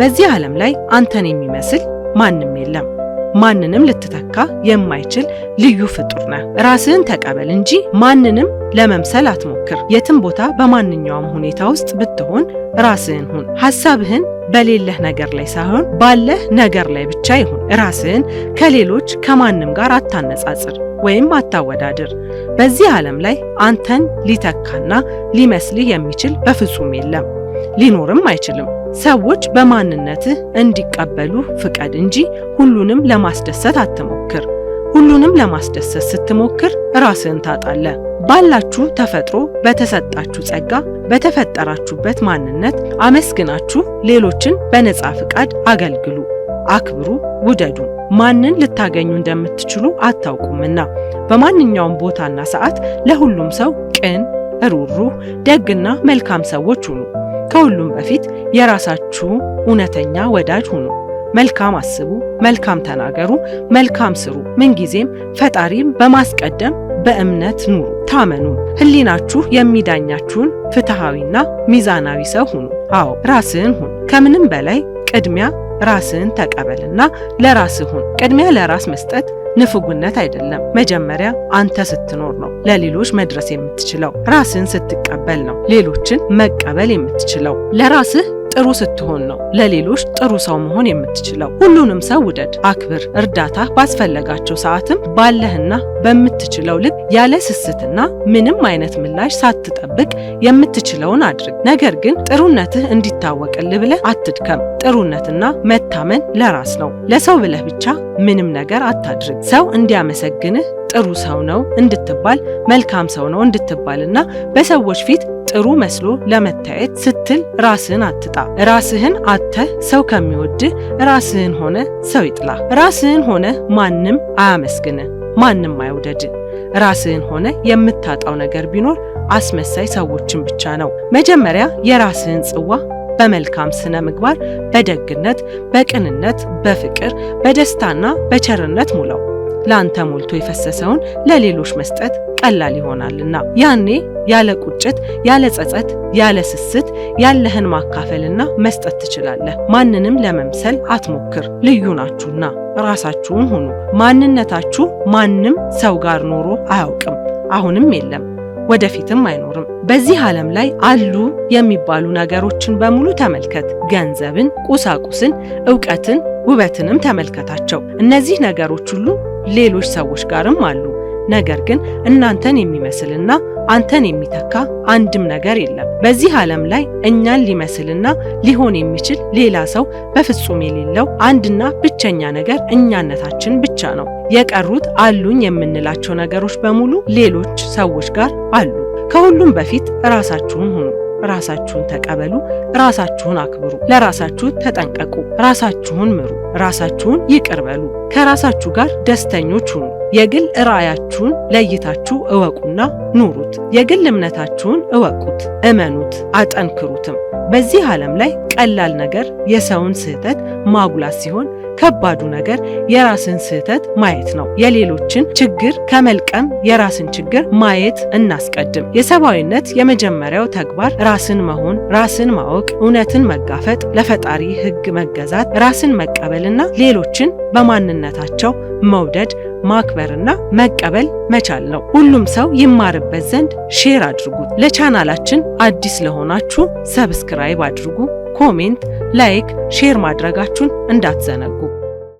በዚህ ዓለም ላይ አንተን የሚመስል ማንም የለም። ማንንም ልትተካ የማይችል ልዩ ፍጡር ነህ። ራስህን ተቀበል እንጂ ማንንም ለመምሰል አትሞክር። የትም ቦታ በማንኛውም ሁኔታ ውስጥ ብትሆን ራስህን ሁን። ሐሳብህን በሌለህ ነገር ላይ ሳይሆን ባለህ ነገር ላይ ብቻ ይሁን። ራስህን ከሌሎች ከማንም ጋር አታነጻጽር ወይም አታወዳድር። በዚህ ዓለም ላይ አንተን ሊተካና ሊመስልህ የሚችል በፍጹም የለም፣ ሊኖርም አይችልም። ሰዎች በማንነትህ እንዲቀበሉ ፍቀድ እንጂ ሁሉንም ለማስደሰት አትሞክር። ሁሉንም ለማስደሰት ስትሞክር ራስህን ታጣለ ባላችሁ ተፈጥሮ፣ በተሰጣችሁ ጸጋ፣ በተፈጠራችሁበት ማንነት አመስግናችሁ ሌሎችን በነፃ ፍቃድ አገልግሉ፣ አክብሩ፣ ውደዱ። ማንን ልታገኙ እንደምትችሉ አታውቁምና በማንኛውም ቦታና ሰዓት ለሁሉም ሰው ቅን፣ ሩህሩህ፣ ደግና መልካም ሰዎች ሁኑ። ከሁሉም በፊት የራሳችሁ እውነተኛ ወዳጅ ሁኑ። መልካም አስቡ፣ መልካም ተናገሩ፣ መልካም ስሩ። ምንጊዜም ፈጣሪም በማስቀደም በእምነት ኑሩ፣ ታመኑ። ህሊናችሁ የሚዳኛችሁን ፍትሐዊና ሚዛናዊ ሰው ሁኑ። አዎ ራስህን ሁን። ከምንም በላይ ቅድሚያ ራስህን ተቀበልና ለራስህ ሁን። ቅድሚያ ለራስ መስጠት ንፍጉነት አይደለም። መጀመሪያ አንተ ስትኖር ነው ለሌሎች መድረስ የምትችለው። ራስን ስትቀበል ነው ሌሎችን መቀበል የምትችለው። ለራስህ ጥሩ ስትሆን ነው ለሌሎች ጥሩ ሰው መሆን የምትችለው። ሁሉንም ሰው ውደድ፣ አክብር። እርዳታ ባስፈለጋቸው ሰዓትም ባለህና በምትችለው ልክ ያለ ስስትና ምንም አይነት ምላሽ ሳትጠብቅ የምትችለውን አድርግ። ነገር ግን ጥሩነትህ እንዲታወቅልህ ብለህ አትድከም። ጥሩነትና መታመን ለራስ ነው። ለሰው ብለህ ብቻ ምንም ነገር አታድርግ። ሰው እንዲያመሰግንህ ጥሩ ሰው ነው እንድትባል መልካም ሰው ነው እንድትባልና በሰዎች ፊት ጥሩ መስሎ ለመታየት ስትል ራስህን አትጣ። ራስህን አተ ሰው ከሚወድህ ራስህን ሆነ ሰው ይጥላ። ራስህን ሆነ ማንም አያመስግን ማንም አይውደድ። ራስህን ሆነ የምታጣው ነገር ቢኖር አስመሳይ ሰዎችን ብቻ ነው። መጀመሪያ የራስህን ጽዋ በመልካም ስነ ምግባር፣ በደግነት፣ በቅንነት፣ በፍቅር፣ በደስታና በቸርነት ሙላው። ለአንተ ሞልቶ የፈሰሰውን ለሌሎች መስጠት ቀላል ይሆናልና ያኔ ያለ ቁጭት፣ ያለ ጸጸት፣ ያለ ስስት ያለህን ማካፈልና መስጠት ትችላለህ። ማንንም ለመምሰል አትሞክር፣ ልዩ ናችሁና ራሳችሁን ሁኑ። ማንነታችሁ ማንም ሰው ጋር ኖሮ አያውቅም፣ አሁንም የለም፣ ወደፊትም አይኖርም። በዚህ ዓለም ላይ አሉ የሚባሉ ነገሮችን በሙሉ ተመልከት። ገንዘብን፣ ቁሳቁስን፣ እውቀትን፣ ውበትንም ተመልከታቸው። እነዚህ ነገሮች ሁሉ ሌሎች ሰዎች ጋርም አሉ። ነገር ግን እናንተን የሚመስልና አንተን የሚተካ አንድም ነገር የለም። በዚህ ዓለም ላይ እኛን ሊመስልና ሊሆን የሚችል ሌላ ሰው በፍጹም የሌለው አንድና ብቸኛ ነገር እኛነታችን ብቻ ነው። የቀሩት አሉኝ የምንላቸው ነገሮች በሙሉ ሌሎች ሰዎች ጋር አሉ። ከሁሉም በፊት ራሳችሁን ሁኑ። ራሳችሁን ተቀበሉ። ራሳችሁን አክብሩ። ለራሳችሁ ተጠንቀቁ። ራሳችሁን ምሩ። ራሳችሁን ይቅር በሉ። ከራሳችሁ ጋር ደስተኞች ሁኑ። የግል ራዕያችሁን ለይታችሁ እወቁና ኑሩት። የግል እምነታችሁን እወቁት፣ እመኑት፣ አጠንክሩትም። በዚህ ዓለም ላይ ቀላል ነገር የሰውን ስህተት ማጉላት ሲሆን ከባዱ ነገር የራስን ስህተት ማየት ነው። የሌሎችን ችግር ከመልቀም የራስን ችግር ማየት እናስቀድም። የሰብአዊነት የመጀመሪያው ተግባር ራስን መሆን፣ ራስን ማወቅ፣ እውነትን መጋፈጥ፣ ለፈጣሪ ሕግ መገዛት፣ ራስን መቀበልና ሌሎችን በማንነታቸው መውደድ ማክበርና መቀበል መቻል ነው። ሁሉም ሰው ይማርበት ዘንድ ሼር አድርጉት። ለቻናላችን አዲስ ለሆናችሁ ሰብስክራይብ አድርጉ። ኮሜንት፣ ላይክ፣ ሼር ማድረጋችሁን እንዳትዘነጉ።